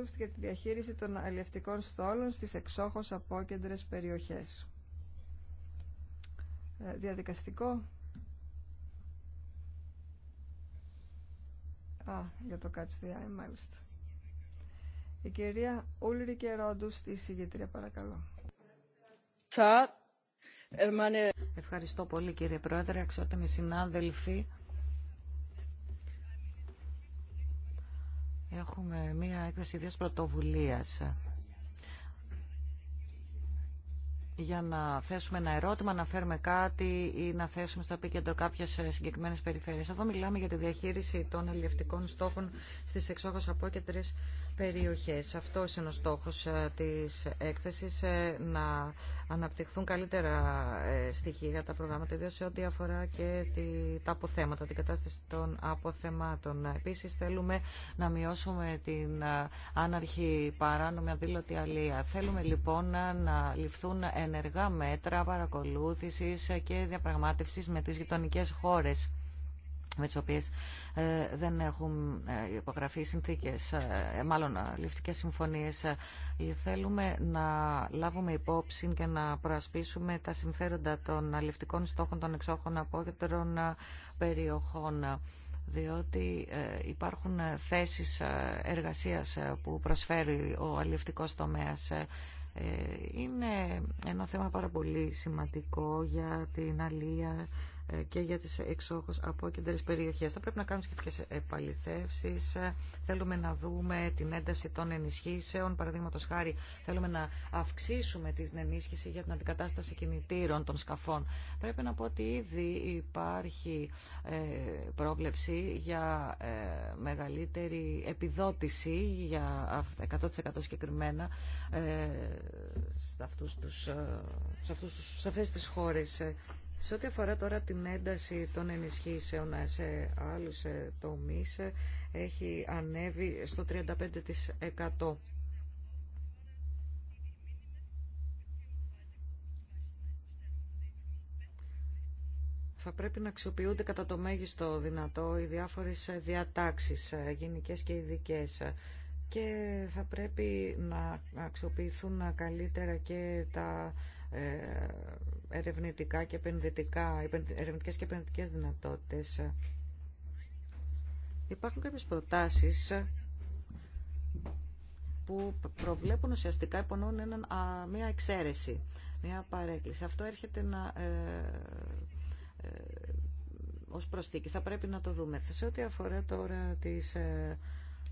τους για τη διαχείριση των αλλιευτικών στόλων στις εξόχως απόκεντρες περιοχές. Ε, διαδικαστικό. Α, για το Catch the Eye, μάλιστα. Η κυρία Ούλρικε Ρόντου στη συγγετρία, παρακαλώ. Ευχαριστώ πολύ κύριε Πρόεδρε, αξιότιμοι συνάδελφοι. Έχουμε μία έκθεση ιδέας πρωτοβουλίας για να θέσουμε ένα ερώτημα, να φέρουμε κάτι ή να θέσουμε στο επίκεντρο κάποιε συγκεκριμένε περιφέρειε. Εδώ μιλάμε για τη διαχείριση των αλληλευτικών στόχων στι εξόχω απόκεντρε περιοχέ. Αυτό είναι ο στόχο ε, τη έκθεση, ε, να αναπτυχθούν καλύτερα ε, στοιχεία για τα προγράμματα, ιδίω σε ό,τι αφορά και τα αποθέματα, την κατάσταση των αποθεμάτων. Επίση, θέλουμε να μειώσουμε την άναρχη παράνομη αδήλωτη αλία. Θέλουμε λοιπόν να ληφθούν ενεργά μέτρα παρακολούθησης και διαπραγμάτευσης με τις γειτονικές χώρες με τις οποίες ε, δεν έχουν ε, υπογραφεί συνθήκες, ε, μάλλον ληφτικές συμφωνίες. Θέλουμε να λάβουμε υπόψη και να προασπίσουμε τα συμφέροντα των ληφτικών στόχων των εξόχων ε, περιοχών διότι υπάρχουν θέσεις εργασίας που προσφέρει ο αλληλευτικός τομέας ε, είναι ένα θέμα πάρα πολύ σημαντικό για την αλία ε, και για τις εξόχους από κεντρές περιοχές. Θα πρέπει να κάνουμε σχετικές επαληθεύσεις. Θέλουμε να δούμε την ένταση των ενισχύσεων. Παραδείγματος χάρη θέλουμε να αυξήσουμε την ενίσχυση για την αντικατάσταση κινητήρων των σκαφών. Πρέπει να πω ότι ήδη υπάρχει ε, πρόβλεψη για καλύτερη επιδότηση για 100% συγκεκριμένα ε, σε, αυτούς τους, ε, σε, αυτούς τους, σε αυτές τις χώρες. Ε, σε ό,τι αφορά τώρα την ένταση των ενισχύσεων σε άλλους τομείς έχει ανέβει στο 35%. θα πρέπει να αξιοποιούνται κατά το μέγιστο δυνατό οι διάφορες διατάξεις, γενικές και ειδικέ και θα πρέπει να αξιοποιηθούν καλύτερα και τα ε, ερευνητικά και επενδυτικά, ερευνητικές και επενδυτικές δυνατότητες. Υπάρχουν κάποιες προτάσεις που προβλέπουν ουσιαστικά υπονοούν μια εξαίρεση, μια παρέκκληση. Αυτό έρχεται να ε, ε, ως προσθήκη. Θα πρέπει να το δούμε. Σε ό,τι αφορά τώρα τις ε,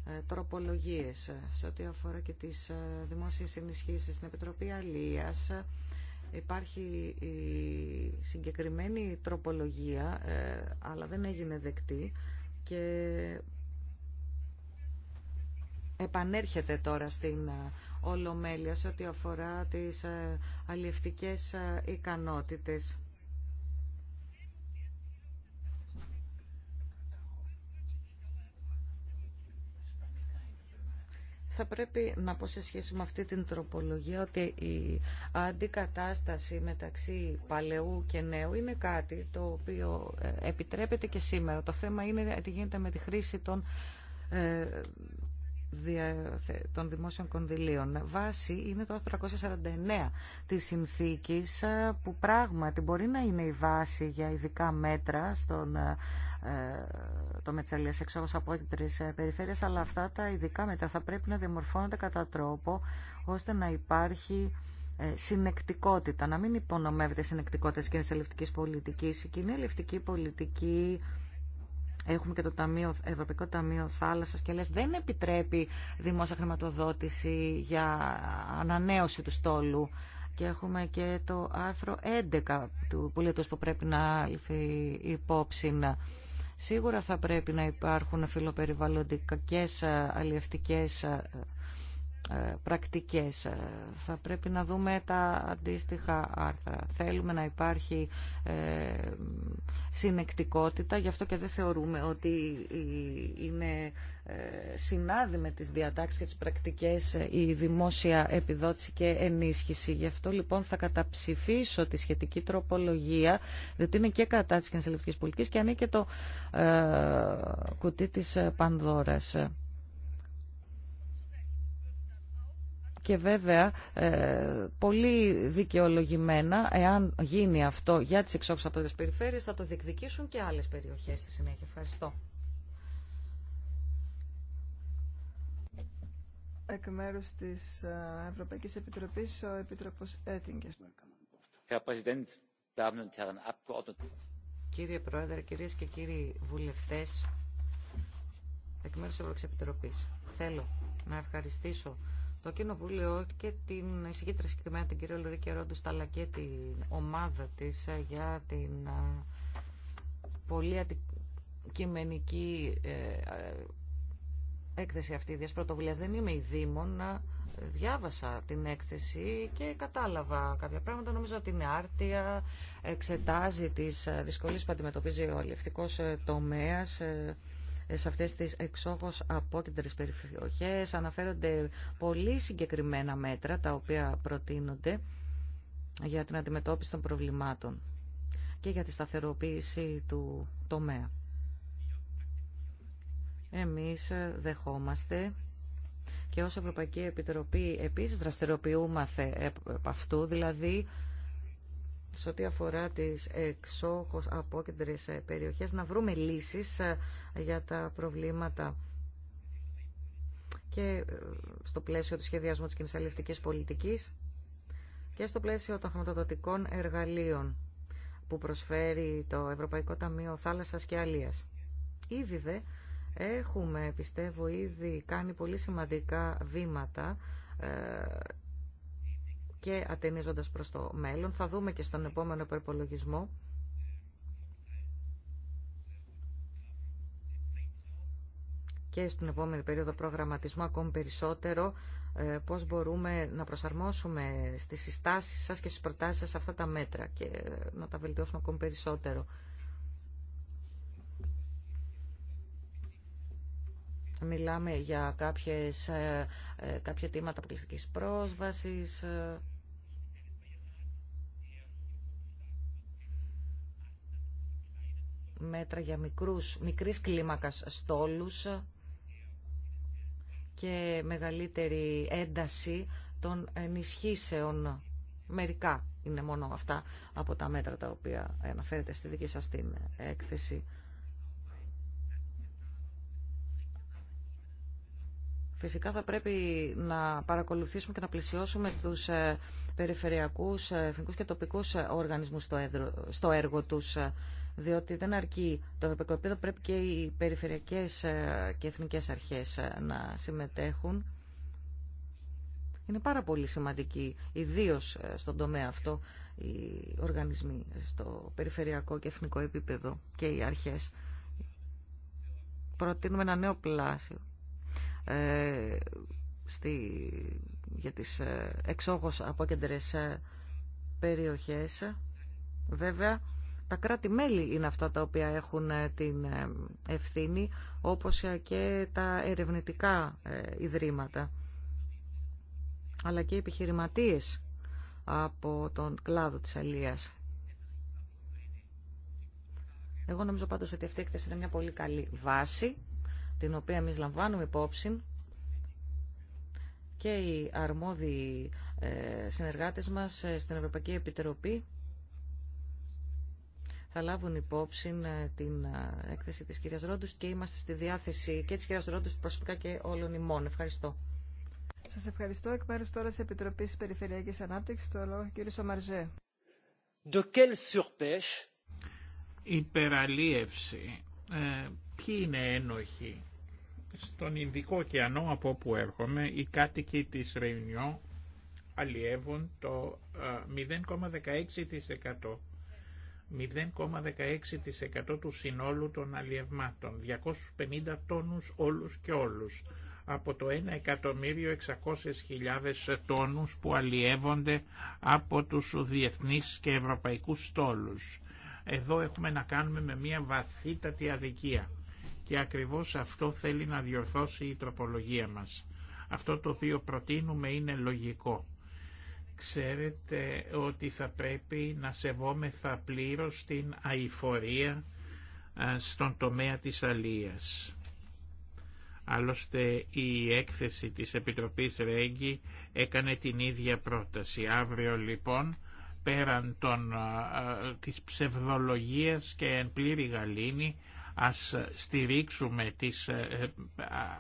ε, τροπολογίες, σε ό,τι αφορά και τις δημόσιες ενισχύσεις στην Επιτροπή Αλίας, υπάρχει η συγκεκριμένη τροπολογία, αλλά δεν έγινε δεκτή και επανέρχεται τώρα στην Ολομέλεια σε ό,τι αφορά τις αλλιευτικές ικανότητες. θα πρέπει να πω σε σχέση με αυτή την τροπολογία ότι η αντικατάσταση μεταξύ παλαιού και νέου είναι κάτι το οποίο ε, επιτρέπεται και σήμερα. Το θέμα είναι τι γίνεται με τη χρήση των ε, των δημόσιων κονδυλίων. Βάση είναι το 349 της συνθήκης ε, που πράγματι μπορεί να είναι η βάση για ειδικά μέτρα στον ε, ε, το Μετσαλία εξόγως από τις περιφέρειες, αλλά αυτά τα ειδικά μέτρα θα πρέπει να διαμορφώνονται κατά τρόπο ώστε να υπάρχει συνεκτικότητα, να μην υπονομεύεται συνεκτικότητα της κοινής ελευτικής πολιτικής. Η κοινή ελευτική πολιτική Έχουμε και το ταμείο, Ευρωπαϊκό Ταμείο Θάλασσας και λες δεν επιτρέπει δημόσια χρηματοδότηση για ανανέωση του στόλου. Και έχουμε και το άρθρο 11 του πολίτες που πρέπει να λυθεί υπόψη. Σίγουρα θα πρέπει να υπάρχουν φιλοπεριβαλλοντικές αλλιευτικές ε, πρακτικές. Ε, θα πρέπει να δούμε τα αντίστοιχα άρθρα. Θέλουμε να υπάρχει ε, συνεκτικότητα, γι' αυτό και δεν θεωρούμε ότι είναι συνάδει με τις διατάξεις και τις πρακτικές η δημόσια επιδότηση και ενίσχυση. Γι' αυτό λοιπόν θα καταψηφίσω τη σχετική τροπολογία, διότι είναι και κατά της κανσελευτικής πολιτικής και ανήκει το κουτί της Πανδώρας. Και βέβαια, ε, πολύ δικαιολογημένα, εάν γίνει αυτό για τις εξώξεις από τις περιφέρειες, θα το διεκδικήσουν και άλλες περιοχές στη συνέχεια. Ευχαριστώ. Εκ μέρους της ε, Ευρωπαϊκής Επιτροπής, ο Επίτροπος Έτιγκερ. Κύριε Πρόεδρε, κυρίες και κύριοι βουλευτές, εκ μέρους της Ευρωπαϊκής Επιτροπής, θέλω να ευχαριστήσω το Κοινοβούλιο και την εισηγήτρια συγκεκριμένα την κυρία Λουρίκη Ρόντου αλλά και την ομάδα της ε, για την ε, πολύ αντικειμενική ε, έκθεση αυτή της πρωτοβουλίας. Δεν είμαι η Δήμον, διάβασα την έκθεση και κατάλαβα κάποια πράγματα. Νομίζω ότι είναι άρτια, εξετάζει τις δυσκολίες που αντιμετωπίζει ο αλληλευτικός τομέας ε, σε αυτές τις εξόχως απόκεντρες περιοχές. Αναφέρονται πολύ συγκεκριμένα μέτρα τα οποία προτείνονται για την αντιμετώπιση των προβλημάτων και για τη σταθεροποίηση του τομέα. Εμείς ε, δεχόμαστε και ως Ευρωπαϊκή Επιτροπή επίσης δραστηριοποιούμαστε από αυτού, δηλαδή σε ό,τι αφορά τις εξόχως απόκεντρες ε, περιοχές να βρούμε λύσεις ε, για τα προβλήματα και ε, στο πλαίσιο του σχεδιασμού της κοινής πολιτικής και στο πλαίσιο των χρηματοδοτικών εργαλείων που προσφέρει το Ευρωπαϊκό Ταμείο Θάλασσας και Αλίας. Ήδη δε έχουμε, πιστεύω, ήδη κάνει πολύ σημαντικά βήματα και ατενίζοντας προς το μέλλον. Θα δούμε και στον επόμενο προπολογισμό. και στην επόμενη περίοδο προγραμματισμού ακόμη περισσότερο ε, πώς μπορούμε να προσαρμόσουμε στις συστάσεις σας και στις προτάσεις σας αυτά τα μέτρα και ε, να τα βελτιώσουμε ακόμη περισσότερο. Μιλάμε για κάποιες, ε, κάποια τήματα πληστικής πρόσβασης, μέτρα για μικρούς, μικρής κλίμακας στόλους και μεγαλύτερη ένταση των ενισχύσεων. Μερικά είναι μόνο αυτά από τα μέτρα τα οποία αναφέρεται στη δική σας την έκθεση. Φυσικά θα πρέπει να παρακολουθήσουμε και να πλησιώσουμε τους ε, περιφερειακούς, ε, εθνικούς και τοπικούς ε, οργανισμούς στο, έργο τους, ε, διότι δεν αρκεί το ευρωπαϊκό επίπεδο, πρέπει και οι περιφερειακές και εθνικές αρχές να συμμετέχουν. Είναι πάρα πολύ σημαντική, ιδίω στον τομέα αυτό, οι οργανισμοί στο περιφερειακό και εθνικό επίπεδο και οι αρχές. Προτείνουμε ένα νέο πλάσιο στη για τις ε, εξόγως κεντρές ε, περιοχές. Βέβαια, τα κράτη-μέλη είναι αυτά τα οποία έχουν ε, την ευθύνη, όπως και τα ερευνητικά ιδρύματα, αλλά και οι επιχειρηματίες από τον κλάδο της αλίας. Εγώ νομίζω πάντως ότι αυτή η είναι μια πολύ καλή βάση, την οποία εμείς λαμβάνουμε υπόψη και οι αρμόδιοι ε, συνεργάτες μας ε, στην Ευρωπαϊκή Επιτροπή θα λάβουν υπόψη ε, την έκθεση της κυρίας Ρόντους και είμαστε στη διάθεση και της κυρίας Ρόντους προσωπικά και όλων ημών. Ευχαριστώ. Σας ευχαριστώ. Εκ μέρους τώρα της Επιτροπής Περιφερειακής Ανάπτυξης, το λόγο κύριο Σαμαρζέ. De quelle surpêche? Υπεραλίευση. Ε, ποιοι είναι ένοχοι στον Ινδικό ωκεανό από όπου έρχομαι, οι κάτοικοι της Ρεϊνιό αλλιεύουν το 0,16%. Ε, 0,16% του συνόλου των αλλιευμάτων, 250 τόνους όλους και όλους, από το 1.600.000 τόνους που αλλιεύονται από τους διεθνείς και ευρωπαϊκούς στόλους. Εδώ έχουμε να κάνουμε με μια βαθύτατη αδικία. Και ακριβώς αυτό θέλει να διορθώσει η τροπολογία μας. Αυτό το οποίο προτείνουμε είναι λογικό. Ξέρετε ότι θα πρέπει να σεβόμεθα πλήρως την αηφορία στον τομέα της αλίας. Άλλωστε η έκθεση της Επιτροπής Ρέγγι έκανε την ίδια πρόταση. Αύριο λοιπόν πέραν των, α, της ψευδολογίας και εν πλήρη γαλήνη Ας στηρίξουμε τις ε, ε,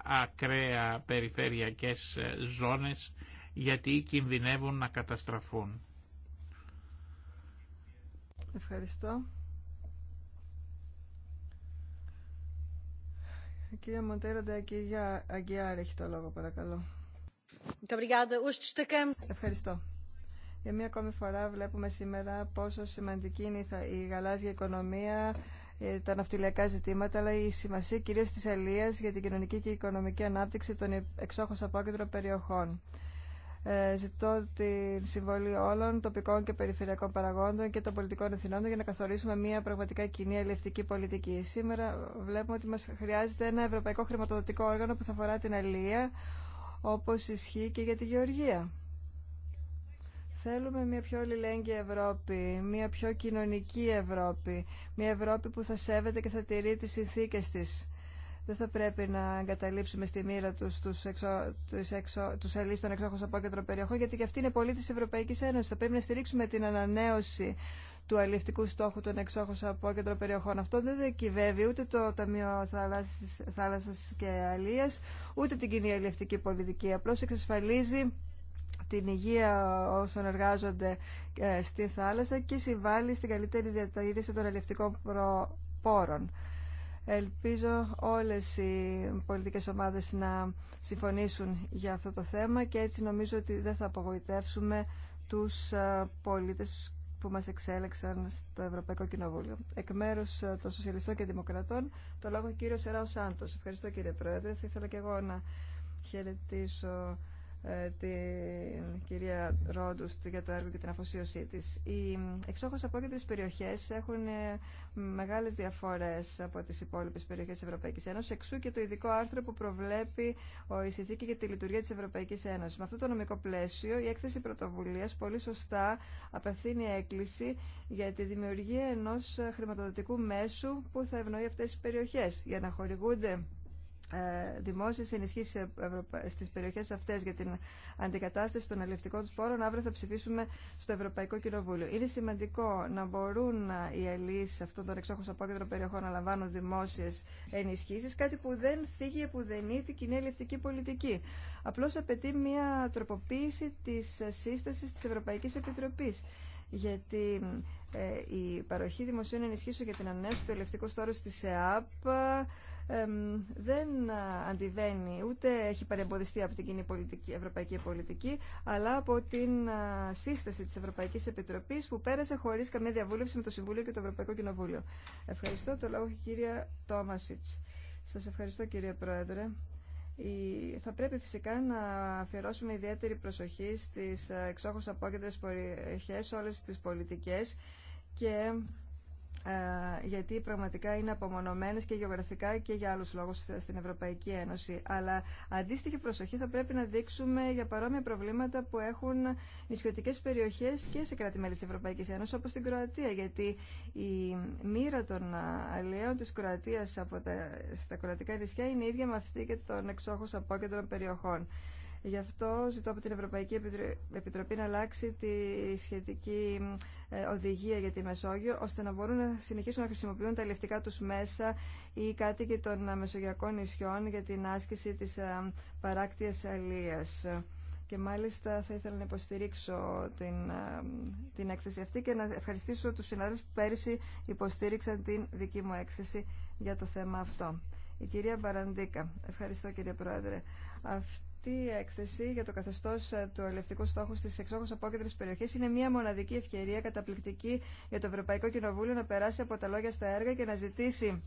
ακραία περιφερειακές ε, ζώνες γιατί κινδυνεύουν να καταστραφούν. Ευχαριστώ. κυρία Μοντέρα Αγκιάρ έχει το λόγο, παρακαλώ. Ευχαριστώ. Για μία ακόμη φορά βλέπουμε σήμερα πόσο σημαντική είναι η γαλάζια οικονομία τα ναυτιλιακά ζητήματα, αλλά η σημασία κυρίω τη αλίας για την κοινωνική και οικονομική ανάπτυξη των εξόχως απόκεντρων περιοχών. Ε, ζητώ τη συμβολή όλων τοπικών και περιφερειακών παραγόντων και των πολιτικών εθνών για να καθορίσουμε μια πραγματικά κοινή αλληλευτική πολιτική. Σήμερα βλέπουμε ότι μα χρειάζεται ένα ευρωπαϊκό χρηματοδοτικό όργανο που θα αφορά την Αλία, όπως ισχύει και για τη γεωργία. Θέλουμε μια πιο αλληλέγγυη Ευρώπη, μια πιο κοινωνική Ευρώπη, μια Ευρώπη που θα σέβεται και θα τηρεί τις συνθήκες της. Δεν θα πρέπει να εγκαταλείψουμε στη μοίρα του τους, εξω, τους, τους των εξόχως απόκεντρων περιοχών, γιατί και αυτή είναι πολίτη της Ευρωπαϊκής Ένωσης. Θα πρέπει να στηρίξουμε την ανανέωση του αλληλευτικού στόχου των από απόκεντρων περιοχών. Αυτό δεν δεκυβεύει ούτε το Ταμείο Θάλασσα και Αλίας, ούτε την κοινή αλληλευτική πολιτική. Απλώς εξασφαλίζει την υγεία όσων εργάζονται ε, στη θάλασσα και συμβάλλει στην καλύτερη διατήρηση των αλληλευτικών πόρων. Ελπίζω όλες οι πολιτικές ομάδες να συμφωνήσουν για αυτό το θέμα και έτσι νομίζω ότι δεν θα απογοητεύσουμε τους ε, πολίτες που μας εξέλεξαν στο Ευρωπαϊκό Κοινοβούλιο. Εκ μέρους ε, των Σοσιαλιστών και Δημοκρατών, το λόγο κύριο Σεράου Σάντος. Ευχαριστώ κύριε Πρόεδρε. Θα ήθελα και εγώ να χαιρετήσω ε, την κυρία Ρόντουστ για το έργο και την αφοσίωσή της. Οι εξόχως απόκεντρες περιοχές έχουν ε, μεγάλες διαφορές από τις υπόλοιπες περιοχές της Ευρωπαϊκής Ένωσης, εξού και το ειδικό άρθρο που προβλέπει η συνθήκη για τη λειτουργία της Ευρωπαϊκής Ένωσης. Με αυτό το νομικό πλαίσιο, η έκθεση πρωτοβουλίας πολύ σωστά απευθύνει έκκληση για τη δημιουργία ενός ε, χρηματοδοτικού μέσου που θα ευνοεί αυτές τις περιοχές για να χορηγούνται ε, δημόσιες ενισχύσει στις περιοχές αυτές για την αντικατάσταση των αλληλευτικών του πόρων, αύριο θα ψηφίσουμε στο Ευρωπαϊκό Κοινοβούλιο. Είναι σημαντικό να μπορούν οι σε αυτών των από απόκεντρο περιοχών να λαμβάνουν δημόσιες ενισχύσει κάτι που δεν θίγει είναι την κοινή αλληλευτική πολιτική. Απλώς απαιτεί μια τροποποίηση της σύστασης της Ευρωπαϊκής Επιτροπής γιατί ε, η παροχή δημοσίων ενισχύσεων για την ανέωση του ελευτικού στόρου τη ΕΑΠ δεν αντιβαίνει ούτε έχει παρεμποδιστεί από την κοινή πολιτική, ευρωπαϊκή πολιτική αλλά από την σύσταση της Ευρωπαϊκής Επιτροπής που πέρασε χωρίς καμία διαβούλευση με το Συμβούλιο και το Ευρωπαϊκό Κοινοβούλιο. Ευχαριστώ. Το λόγο έχει η κυρία Τόμασιτς. Σας ευχαριστώ κύριε Πρόεδρε. Θα πρέπει φυσικά να αφιερώσουμε ιδιαίτερη προσοχή στις εξόχως απόκεντρες περιοχές, όλες τις πολιτικέ και ε, γιατί πραγματικά είναι απομονωμένες και γεωγραφικά και για άλλους λόγους στην Ευρωπαϊκή Ένωση. Αλλά αντίστοιχη προσοχή θα πρέπει να δείξουμε για παρόμοια προβλήματα που έχουν νησιωτικές περιοχές και σε κράτη-μέλη της Ευρωπαϊκής Ένωσης, όπως στην Κροατία, γιατί η μοίρα των αλλιέων της Κροατίας από στα κροατικά νησιά είναι ίδια με αυτή και των εξόχως απόκεντρων περιοχών. Γι' αυτό ζητώ από την Ευρωπαϊκή Επιτροπή να αλλάξει τη σχετική ε, οδηγία για τη Μεσόγειο, ώστε να μπορούν να συνεχίσουν να χρησιμοποιούν τα ελευτικά τους μέσα ή κάτοικοι των μεσογειακών νησιών για την άσκηση της ε, παράκτιας αλίας. Και μάλιστα θα ήθελα να υποστηρίξω την, ε, την έκθεση αυτή και να ευχαριστήσω τους συναδέλφους που πέρυσι υποστήριξαν την δική μου έκθεση για το θέμα αυτό. Η κυρία Μπαραντίκα. Ευχαριστώ κύριε Πρόεδρε. Η έκθεση για το καθεστώ ε, του ελευτικού στόχου στι εξόχω απόκεντρε περιοχέ είναι μια μοναδική ευκαιρία καταπληκτική για το Ευρωπαϊκό Κοινοβούλιο να περάσει από τα λόγια στα έργα και να ζητήσει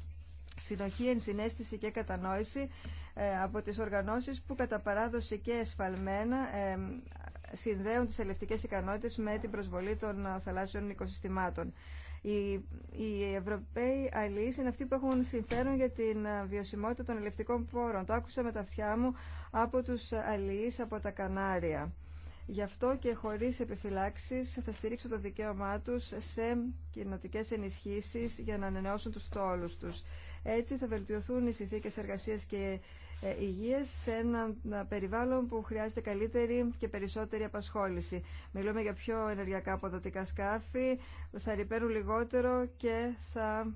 συνοχή, ενσυναίσθηση και κατανόηση ε, από τις οργανώσεις που κατά παράδοση και εσφαλμένα ε, συνδέουν τις ελευτικές ικανότητες με την προσβολή των θαλάσσιων οικοσυστημάτων. Οι, Ευρωπαίοι αλληλείς είναι αυτοί που έχουν συμφέρον για την ε, βιωσιμότητα των ελευτικών πόρων. Το άκουσα με τα αυτιά μου από τους αλληλείς από τα Κανάρια. Γι' αυτό και χωρίς επιφυλάξεις θα στηρίξω το δικαίωμά τους σε κοινοτικέ ενισχύσεις για να ανανεώσουν τους τόλους τους. Έτσι θα βελτιωθούν οι συνθήκες εργασίας και ε, υγείας σε ένα ε, περιβάλλον που χρειάζεται καλύτερη και περισσότερη απασχόληση. Μιλούμε για πιο ενεργειακά αποδοτικά σκάφη, θα ρηπαίνουν λιγότερο και θα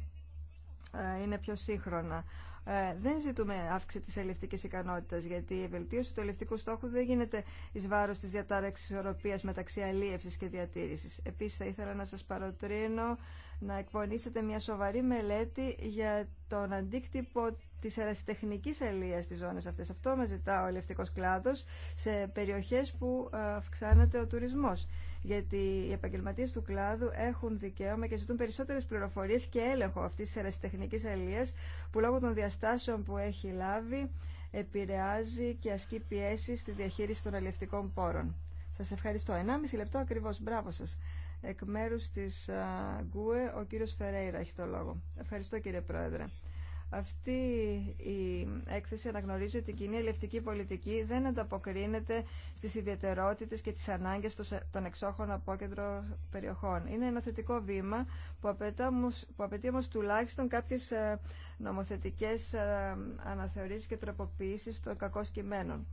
ε, είναι πιο σύγχρονα. Ε, δεν ζητούμε αύξηση τη ελευτική ικανότητα, γιατί η βελτίωση του ελευτικού στόχου δεν γίνεται ει βάρο τη διατάραξη ισορροπία μεταξύ αλίευση και διατήρηση. Επίση, θα ήθελα να σα παροτρύνω να εκπονήσετε μια σοβαρή μελέτη για τον αντίκτυπο Τη αερασιτεχνικής αλίας στις ζώνες αυτέ. Αυτό με ζητά ο ελευτικό κλάδο σε περιοχέ που ε, αυξάνεται ο τουρισμό. Γιατί οι επαγγελματίε του κλάδου έχουν δικαίωμα και ζητούν περισσότερε πληροφορίε και έλεγχο αυτή τη ερασιτεχνική αλίας που λόγω των διαστάσεων που έχει λάβει επηρεάζει και ασκεί πιέσει στη διαχείριση των αλληλευτικών πόρων. Σα ευχαριστώ. 1,5 λεπτό ακριβώ Μπράβο σα. Εκ μέρου τη ε, ΓΚΟΕ, ο κύριο Φερέιρα έχει το λόγο. Ευχαριστώ κύριε Πρόεδρε. Αυτή η έκθεση αναγνωρίζει ότι η κοινή ελευτική πολιτική δεν ανταποκρίνεται στις ιδιαιτερότητες και τις ανάγκες των εξόχων απόκεντρων περιοχών. Είναι ένα θετικό βήμα που απαιτεί, όμως, τουλάχιστον κάποιες ε, νομοθετικές ε, αναθεωρήσεις και τροποποιήσεις των κακών κειμένων.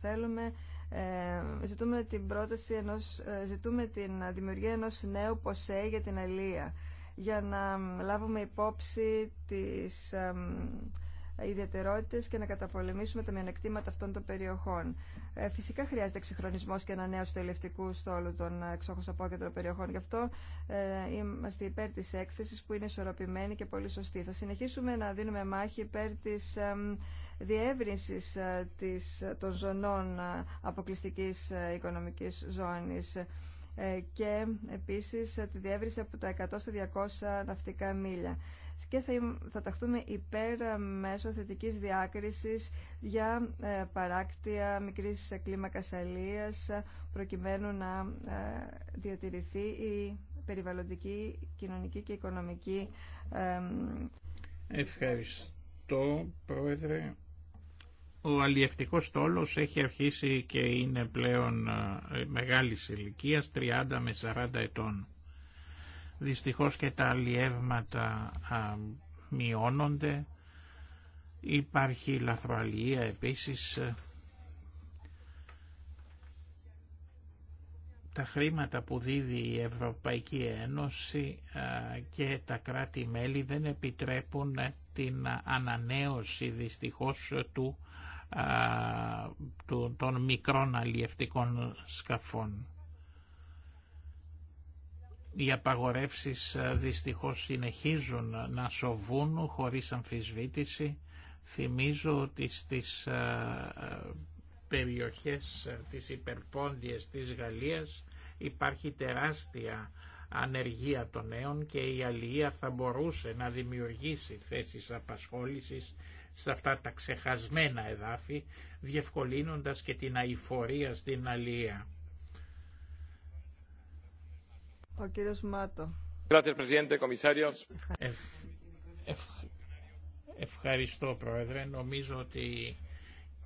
Θέλουμε ε, ζητούμε την πρόταση ενός, ζητούμε την δημιουργία ενός νέου ΠΟΣΕ για την αλία για να λάβουμε υπόψη τις ιδιαιτερότητες και να καταπολεμήσουμε τα μειονεκτήματα αυτών των περιοχών. Ε, φυσικά χρειάζεται εξυγχρονισμός και ανανέωση του ελευτικού στόλου των ε, εξόχως απόκεντρων περιοχών. Γι' αυτό ε, είμαστε υπέρ της έκθεσης που είναι ισορροπημένη και πολύ σωστή. Θα συνεχίσουμε να δίνουμε μάχη υπέρ της διεύρυνσης των ζωνών αποκλειστικής οικονομικής ζώνης ε, και επίσης ε, τη διεύρυνση από τα 100 στα 200 ναυτικά μίλια. Και θα, θα ταχθούμε υπέρ ε, μέσω θετικής διάκρισης για παράκτια μικρής κλίμακας αλίας προκειμένου να διατηρηθεί η περιβαλλοντική, κοινωνική και οικονομική. Ευχαριστώ, Πρόεδρε. Ο αλλιευτικός στόλος έχει αρχίσει και είναι πλέον ε, μεγάλης ηλικία 30 με 40 ετών. Δυστυχώς και τα αλλιεύματα μειώνονται. Υπάρχει λαθροαλία επίσης. τα χρήματα που δίδει η Ευρωπαϊκή Ένωση και τα κράτη-μέλη δεν επιτρέπουν την ανανέωση δυστυχώς του των μικρών αλλιευτικών σκαφών. Οι απαγορεύσεις δυστυχώς συνεχίζουν να σοβούν χωρίς αμφισβήτηση. Θυμίζω ότι στις περιοχές της υπερπόντιες της Γαλλίας υπάρχει τεράστια ανεργία των νέων και η αλληλεία θα μπορούσε να δημιουργήσει θέσεις απασχόλησης σε αυτά τα ξεχασμένα εδάφη, διευκολύνοντας και την αηφορία στην αλία. Μάτο. Ε, ευχαριστώ, Πρόεδρε. Νομίζω ότι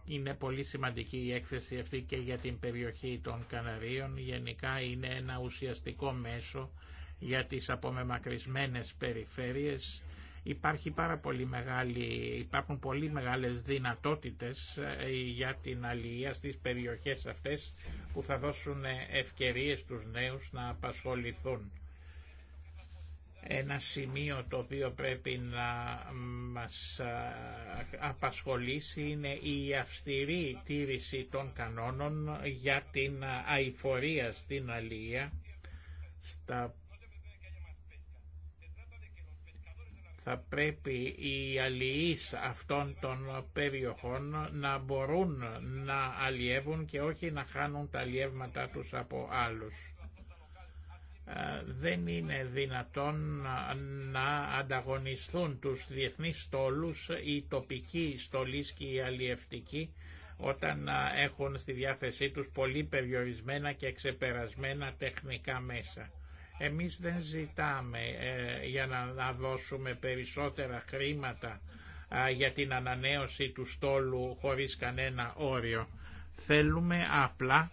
είναι πολύ σημαντική η έκθεση αυτή και για την περιοχή των Καναρίων. Γενικά είναι ένα ουσιαστικό μέσο για τις απομεμακρυσμένες περιφέρειες Υπάρχει πάρα πολύ μεγάλη, υπάρχουν πολύ μεγάλες δυνατότητες ε, για την αλληλεία στις περιοχές αυτές που θα δώσουν ευκαιρίες στους νέους να απασχοληθούν. Ένα σημείο το οποίο πρέπει να μας ε, απασχολήσει είναι η αυστηρή τήρηση των κανόνων για την αηφορία στην αλληλεία θα πρέπει οι αλληλείς αυτών των περιοχών να μπορούν να αλλιεύουν και όχι να χάνουν τα αλλιεύματά τους από άλλους. Ε, δεν είναι δυνατόν να ανταγωνιστούν τους διεθνείς στόλους η τοπικοί στολείς και οι αλλιευτικοί όταν ε, έχουν στη διάθεσή τους πολύ περιορισμένα και ξεπερασμένα τεχνικά μέσα. Εμείς δεν ζητάμε ε, για να δώσουμε περισσότερα χρήματα για την ανανέωση του στόλου χωρίς κανένα όριο. Θέλουμε απλά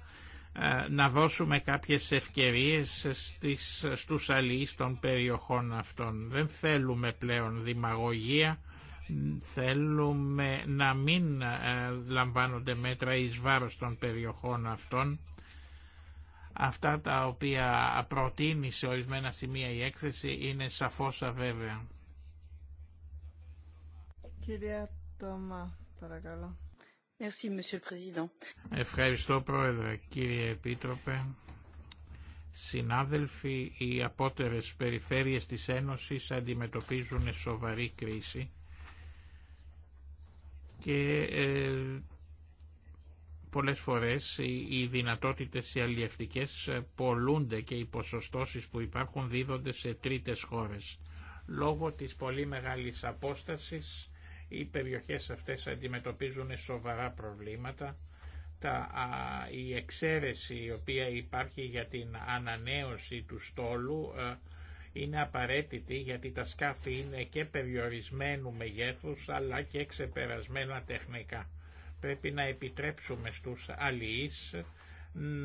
ε, να δώσουμε κάποιες ευκαιρίες στις, στους αλληλείς των περιοχών αυτών. Δεν θέλουμε πλέον δημαγωγία, θέλουμε να μην ε, λαμβάνονται μέτρα εις βάρος των περιοχών αυτών Αυτά τα οποία προτείνει σε ορισμένα σημεία η έκθεση είναι σαφώς αβέβαια. Κυρία Τόμα, παρακαλώ. Merci, Monsieur le Ευχαριστώ Πρόεδρε, κύριε Επίτροπε. Συνάδελφοι, οι απότερες περιφέρειες της Ένωσης αντιμετωπίζουν σοβαρή κρίση και ε, πολλές φορές οι δυνατότητες οι αλλιευτικές ε, πολλούνται και οι ποσοστώσεις που υπάρχουν δίδονται σε τρίτες χώρες. Λόγω της πολύ μεγάλης απόστασης οι περιοχές αυτές αντιμετωπίζουν σοβαρά προβλήματα. Τα, η εξαίρεση η οποία υπάρχει για την ανανέωση του στόλου ε, είναι απαραίτητη γιατί τα σκάφη είναι και περιορισμένου μεγέθους αλλά και ξεπερασμένα τεχνικά. Πρέπει να επιτρέψουμε στους αλλοιείς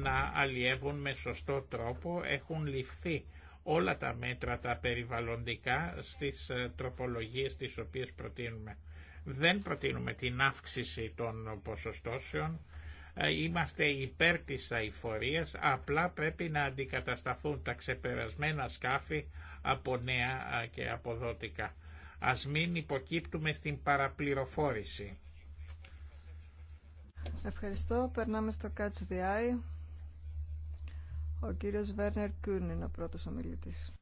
να αλλιεύουν με σωστό τρόπο. Έχουν ληφθεί όλα τα μέτρα τα περιβαλλοντικά στις ε, τροπολογίες τις οποίες προτείνουμε. Δεν προτείνουμε την αύξηση των ποσοστώσεων. Ε, είμαστε υπέρ της αηφορίας, απλά πρέπει να αντικατασταθούν τα ξεπερασμένα σκάφη από νέα ε, και αποδότικα. Ας μην υποκύπτουμε στην παραπληροφόρηση. Ευχαριστώ. Περνάμε στο Catch the Eye. Ο κύριος Βέρνερ Κούν είναι ο πρώτος ομιλητής.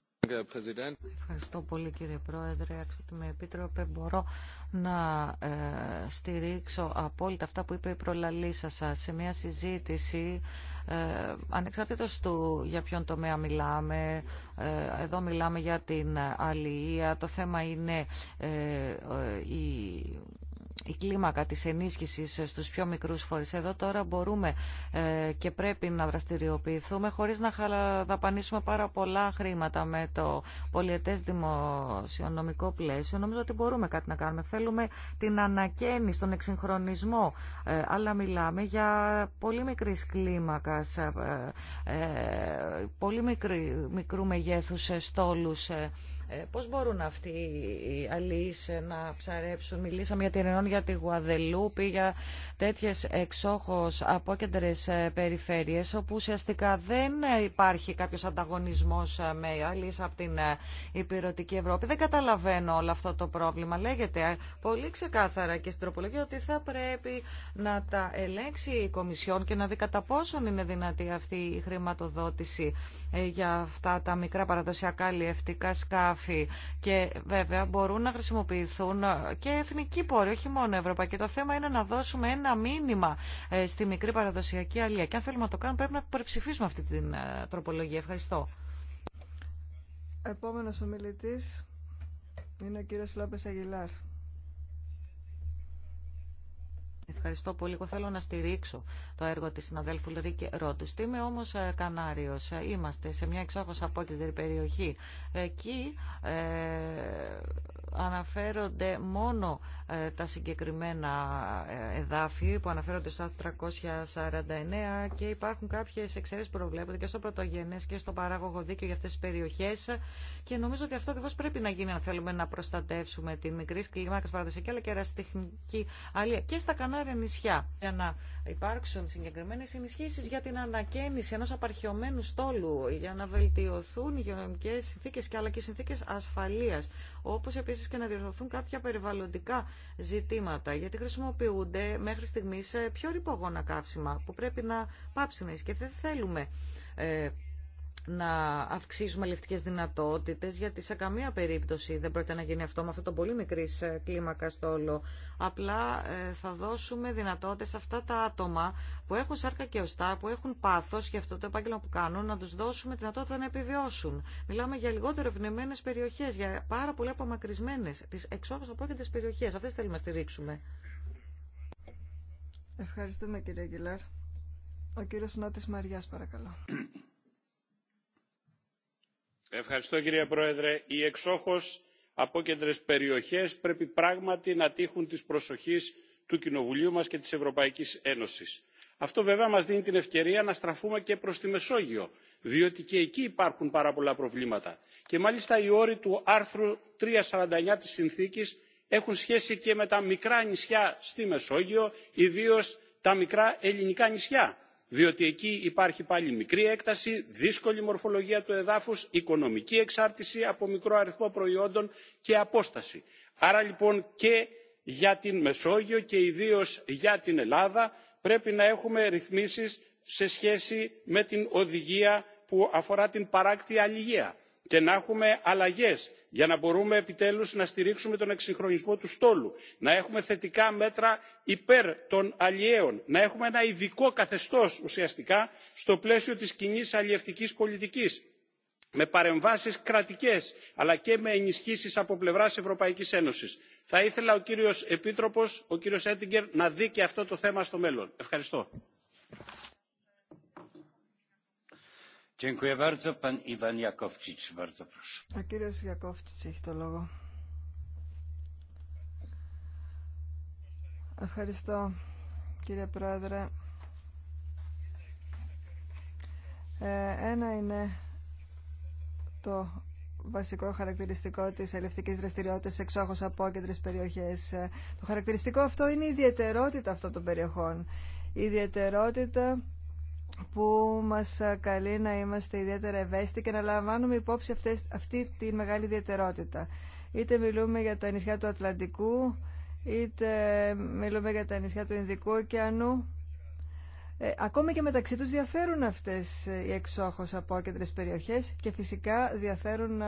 Ευχαριστώ πολύ κύριε Πρόεδρε, με επίτροπε. Μπορώ να ε, στηρίξω απόλυτα αυτά που είπε η σας σε μια συζήτηση ε, ανεξαρτήτως του για ποιον τομέα μιλάμε. Ε, εδώ μιλάμε για την αλληλεία. Το θέμα είναι ε, ε, η η κλίμακα της ενίσχυσης στους πιο μικρούς φορείς. Εδώ τώρα μπορούμε ε, και πρέπει να δραστηριοποιηθούμε χωρίς να δαπανίσουμε πάρα πολλά χρήματα με το πολιετές δημοσιονομικό πλαίσιο. Νομίζω ότι μπορούμε κάτι να κάνουμε. Θέλουμε την ανακαίνιση, τον εξυγχρονισμό, ε, αλλά μιλάμε για πολύ μικρής κλίμακας, ε, πολύ μικρού μεγέθους στόλους ε, πώς μπορούν αυτοί οι αλληλείς ε, να ψαρέψουν. Μιλήσαμε για την Ρενών, για τη Γουαδελούπη, για τέτοιες εξόχως απόκεντρες ε, περιφέρειες, όπου ουσιαστικά δεν υπάρχει κάποιος ανταγωνισμός με αλληλείς από την υπηρετική Ευρώπη. Δεν καταλαβαίνω όλο αυτό το πρόβλημα. Λέγεται πολύ ξεκάθαρα και στην τροπολογία ότι θα πρέπει να τα ελέγξει η Κομισιόν και να δει κατά πόσον είναι δυνατή αυτή η χρηματοδότηση για αυτά τα μικρά παραδοσιακά λιευτικά σκάφη και βέβαια μπορούν να χρησιμοποιηθούν και εθνικοί πόροι, όχι μόνο Και Το θέμα είναι να δώσουμε ένα μήνυμα ε, στη μικρή παραδοσιακή αλία. Και αν θέλουμε να το κάνουμε πρέπει να υπερψηφίσουμε αυτή την ε, τροπολογία. Ευχαριστώ. Επόμενος ομιλητής είναι ο κύριος Λόπες Αγγιλάρ. Ευχαριστώ πολύ. Εγώ θέλω να στηρίξω το έργο της συναδέλφου Λρίκη Ρότου. Είμαι όμως ε, Κανάριος. Ε, είμαστε σε μια εξόχω απόκεντρη περιοχή. Εκεί ε, αναφέρονται μόνο ε, τα συγκεκριμένα ε, εδάφη που αναφέρονται στο 349 και υπάρχουν κάποιες εξαιρέσεις που προβλέπονται και στο πρωτογενές και στο παράγωγο δίκαιο για αυτές τις περιοχές και νομίζω ότι αυτό ακριβώς πρέπει να γίνει αν θέλουμε να προστατεύσουμε την μικρή κλίμακα παραδοσιακή αλλά και ερασιτεχνική αλία και στα Κανάρια νησιά για να υπάρξουν συγκεκριμένες ενισχύσεις για την ανακαίνιση ενός απαρχαιωμένου στόλου για να βελτιωθούν οι γεωνομικές συνθήκες και αλλά και συνθήκες ασφαλείας όπως επίσης και να διορθωθούν κάποια περιβαλλοντικά ζητήματα, γιατί χρησιμοποιούνται μέχρι στιγμής πιο ρηπογόνα καύσιμα που πρέπει να πάψει να και δεν θέλουμε ε, να αυξήσουμε λευτικέ δυνατότητε, γιατί σε καμία περίπτωση δεν πρόκειται να γίνει αυτό με αυτό το πολύ μικρή ε, κλίμακα στόλο. Απλά ε, θα δώσουμε δυνατότητε σε αυτά τα άτομα που έχουν σάρκα και οστά, που έχουν πάθο και αυτό το επάγγελμα που κάνουν, να του δώσουμε δυνατότητα να επιβιώσουν. Μιλάμε για λιγότερο ευνημένε περιοχέ, για πάρα πολύ απομακρυσμένε τι εξόδου τις περιοχέ, αυτέ θέλουμε να στηρίξουμε. Ευχαριστούμε κύριε Αγγελάρ. Ο κύριο Νότης Μαριάς παρακαλώ. Ευχαριστώ κύριε Πρόεδρε. Οι εξόχως απόκεντρες περιοχές πρέπει πράγματι να τύχουν της προσοχής του Κοινοβουλίου μας και της Ευρωπαϊκής Ένωσης. Αυτό βέβαια μας δίνει την ευκαιρία να στραφούμε και προς τη Μεσόγειο, διότι και εκεί υπάρχουν πάρα πολλά προβλήματα. Και μάλιστα οι όροι του άρθρου 349 της Συνθήκης έχουν σχέση και με τα μικρά νησιά στη Μεσόγειο, ιδίως τα μικρά ελληνικά νησιά διότι εκεί υπάρχει πάλι μικρή έκταση δύσκολη μορφολογία του εδάφους οικονομική εξάρτηση από μικρό αριθμό προϊόντων και απόσταση. άρα λοιπόν και για την μεσόγειο και ιδίως για την ελλάδα πρέπει να έχουμε ρυθμίσεις σε σχέση με την οδηγία που αφορά την παράκτη αλληλεία και να έχουμε αλλαγές για να μπορούμε επιτέλους να στηρίξουμε τον εξυγχρονισμό του στόλου να έχουμε θετικά μέτρα υπέρ των αλλιέων να έχουμε ένα ειδικό καθεστώς ουσιαστικά στο πλαίσιο της κοινή αλλιευτικής πολιτικής με παρεμβάσεις κρατικές αλλά και με ενισχύσεις από πλευράς ευρωπαϊκής ένωσης. θα ήθελα ο κύριος επίτροπος ο κύριος έτιγκερ να δει και αυτό το θέμα στο μέλλον. ευχαριστώ. Ευχαριστώ κύριε Πρόεδρε. Ε, ένα είναι το βασικό χαρακτηριστικό της ελευτική δραστηριότητας σε από απόκεντρες περιοχές. Ε, το χαρακτηριστικό αυτό είναι η ιδιαιτερότητα αυτών των περιοχών. Η ιδιαιτερότητα που μας καλεί να είμαστε ιδιαίτερα ευαίσθητοι και να λαμβάνουμε υπόψη αυτές, αυτή τη μεγάλη ιδιαιτερότητα. Είτε μιλούμε για τα νησιά του Ατλαντικού, είτε μιλούμε για τα νησιά του Ινδικού ωκεανού ε, ακόμα και μεταξύ τους διαφέρουν αυτές ε, οι εξόχως κέντρες περιοχές και φυσικά διαφέρουν ε,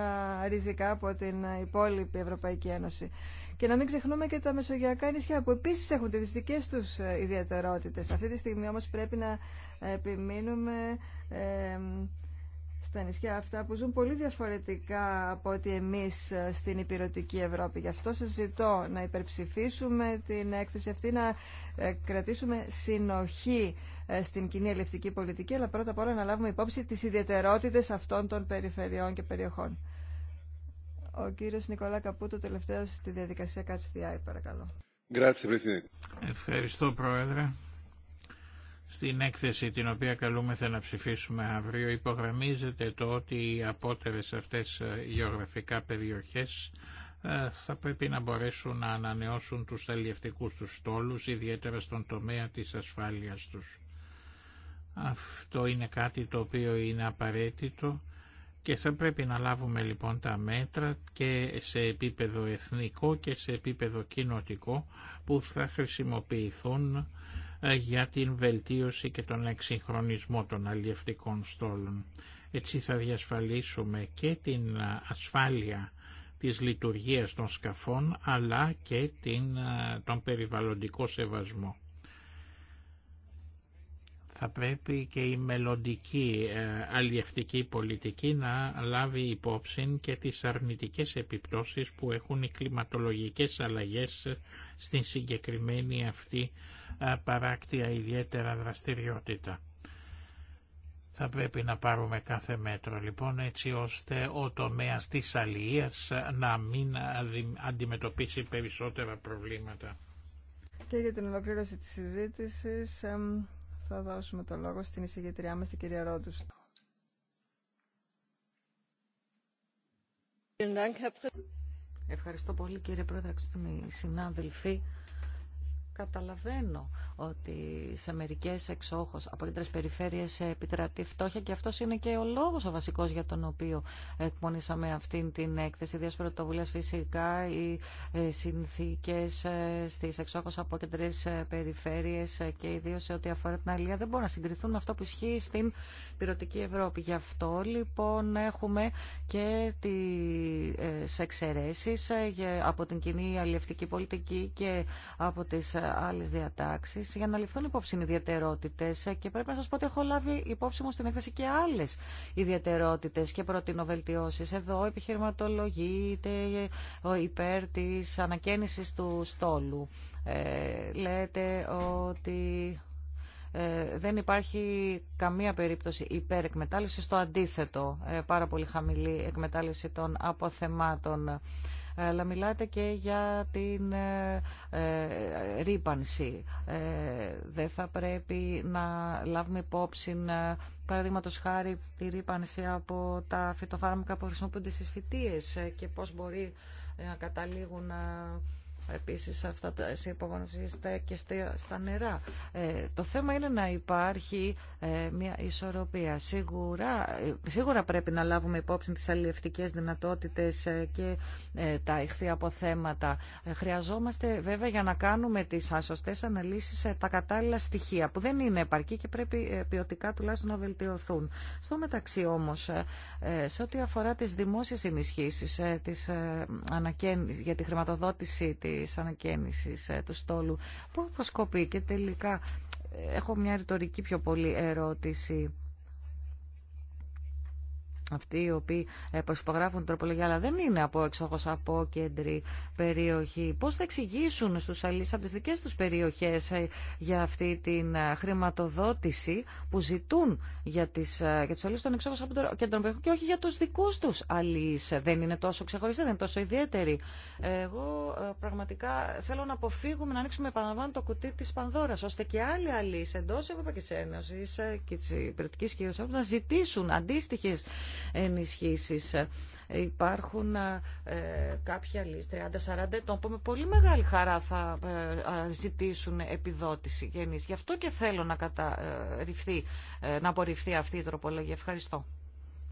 ριζικά από την ε, υπόλοιπη Ευρωπαϊκή Ένωση. Και να μην ξεχνούμε και τα μεσογειακά νησιά που επίσης έχουν τις δικές τους ιδιαιτερότητες. Αυτή τη στιγμή όμως πρέπει να επιμείνουμε στα νησιά αυτά που ζουν πολύ διαφορετικά από ότι εμείς ε, στην υπηρετική Ευρώπη. Γι' αυτό σας ζητώ να υπερψηφίσουμε την έκθεση αυτή, να ε, κρατήσουμε συνοχή ε, στην κοινή ελευθερική πολιτική, αλλά πρώτα απ' όλα να λάβουμε υπόψη τις ιδιαιτερότητες αυτών των περιφερειών και περιοχών. Ο κύριος Νικολά Καπούτο, τελευταίος στη διαδικασία Κάτσε Διάη, παρακαλώ. Ευχαριστώ, Πρόεδρε. Στην έκθεση την οποία καλούμεθα να ψηφίσουμε αύριο υπογραμμίζεται το ότι οι απότερες αυτές ε, γεωγραφικά περιοχές ε, θα πρέπει να μπορέσουν να ανανεώσουν τους αλλιευτικούς τους στόλους, ιδιαίτερα στον τομέα της ασφάλειας τους. Αυτό είναι κάτι το οποίο είναι απαραίτητο και θα πρέπει να λάβουμε λοιπόν τα μέτρα και σε επίπεδο εθνικό και σε επίπεδο κοινοτικό που θα χρησιμοποιηθούν ε, για την βελτίωση και τον εξυγχρονισμό των αλλιευτικών στόλων. Έτσι θα διασφαλίσουμε και την ασφάλεια της λειτουργίας των σκαφών αλλά και ε, τον περιβαλλοντικό σεβασμό θα πρέπει και η μελλοντική ε, αλλιευτική πολιτική να λάβει υπόψη και τις αρνητικές επιπτώσεις που έχουν οι κλιματολογικές αλλαγές στην συγκεκριμένη αυτή ε, παράκτια ιδιαίτερα δραστηριότητα. Θα πρέπει να πάρουμε κάθε μέτρο λοιπόν έτσι ώστε ο τομέας της αλληλείας να μην ε, αντιμετωπίσει περισσότερα προβλήματα. Και για την ολοκλήρωση της συζήτησης θα δώσουμε το λόγο στην εισηγητριά μας, την κυρία Ρόντους. Ευχαριστώ πολύ κύριε Πρόεδρε, συνάδελφοι. Καταλαβαίνω ότι σε μερικέ εξόχω κεντρές περιφέρειε επικρατεί φτώχεια και αυτό είναι και ο λόγο ο βασικό για τον οποίο εκπονήσαμε αυτή την έκθεση. Δύο πρωτοβουλία φυσικά οι ε, συνθήκε ε, στι εξόχω κεντρές ε, περιφέρειε και ιδίω σε ό,τι αφορά την αλληλεία δεν μπορούν να συγκριθούν με αυτό που ισχύει στην πυροτική Ευρώπη. Γι' αυτό λοιπόν έχουμε και τι εξαιρέσει από την κοινή αλληλευτική πολιτική και από τις άλλες διατάξει για να ληφθούν υπόψη ιδιαιτερότητε. και πρέπει να σας πω ότι έχω λάβει υπόψη μου στην έκθεση και άλλες ιδιαιτερότητε και προτείνω βελτιώσει. Εδώ επιχειρηματολογείται υπέρ τη ανακαίνησης του στόλου. Ε, λέτε ότι ε, δεν υπάρχει καμία περίπτωση υπερεκμετάλλευση, στο αντίθετο, ε, πάρα πολύ χαμηλή εκμετάλλευση των αποθεμάτων αλλά μιλάτε και για την ε, ε, ρήπανση. Ε, δεν θα πρέπει να λάβουμε υπόψη, παραδείγματο χάρη, τη ρήπανση από τα φυτοφάρμακα που χρησιμοποιούνται στι φυτίες και πώς μπορεί να καταλήγουν επίσης αυτά τα υπογονωσίστε και στα νερά. Ε, το θέμα είναι να υπάρχει ε, μια ισορροπία. Σίγουρα, ε, σίγουρα πρέπει να λάβουμε υπόψη τις αλληλευτικές δυνατότητες ε, και τα ηχθή αποθέματα. χρειαζόμαστε βέβαια για να κάνουμε τις σωστές αναλύσεις τα κατάλληλα στοιχεία που δεν είναι επαρκή και πρέπει ποιοτικά τουλάχιστον να βελτιωθούν. Στο μεταξύ όμως, σε ό,τι αφορά τις δημόσιες ενισχύσεις, τις, για τη χρηματοδότησή τη, της ανακαίνησης ε, του στόλου. Πού προσκοπεί και τελικά ε, έχω μια ρητορική πιο πολύ ερώτηση αυτοί οι οποίοι ε, προσυπογράφουν τροπολογία, αλλά δεν είναι από εξόχω από κέντρη περιοχή. Πώ θα εξηγήσουν στου αλληλείς από τις δικές τους περιοχές ε, για αυτή την ε, χρηματοδότηση που ζητούν για, τις, για τους των εξόχω από κέντρο περιοχή και όχι για του δικού του αλληλείς. Δεν είναι τόσο ξεχωριστή, δεν είναι τόσο ιδιαίτερη. Εγώ πραγματικά θέλω να αποφύγουμε να ανοίξουμε επαναλαμβάνω το κουτί τη Πανδώρας, ώστε και άλλοι αλληλείς εντός Ευρωπαϊκή Ένωση και τη Υπηρετική ζητήσουν αντίστοιχε ενισχύσεις. Υπάρχουν ε, κάποια λύση, 30-40 ετών, που με πολύ μεγάλη χαρά θα ε, ζητήσουν επιδότηση και Γι' αυτό και θέλω να καταρριφθεί, ε, να απορριφθεί αυτή η τροπολογία. Ευχαριστώ.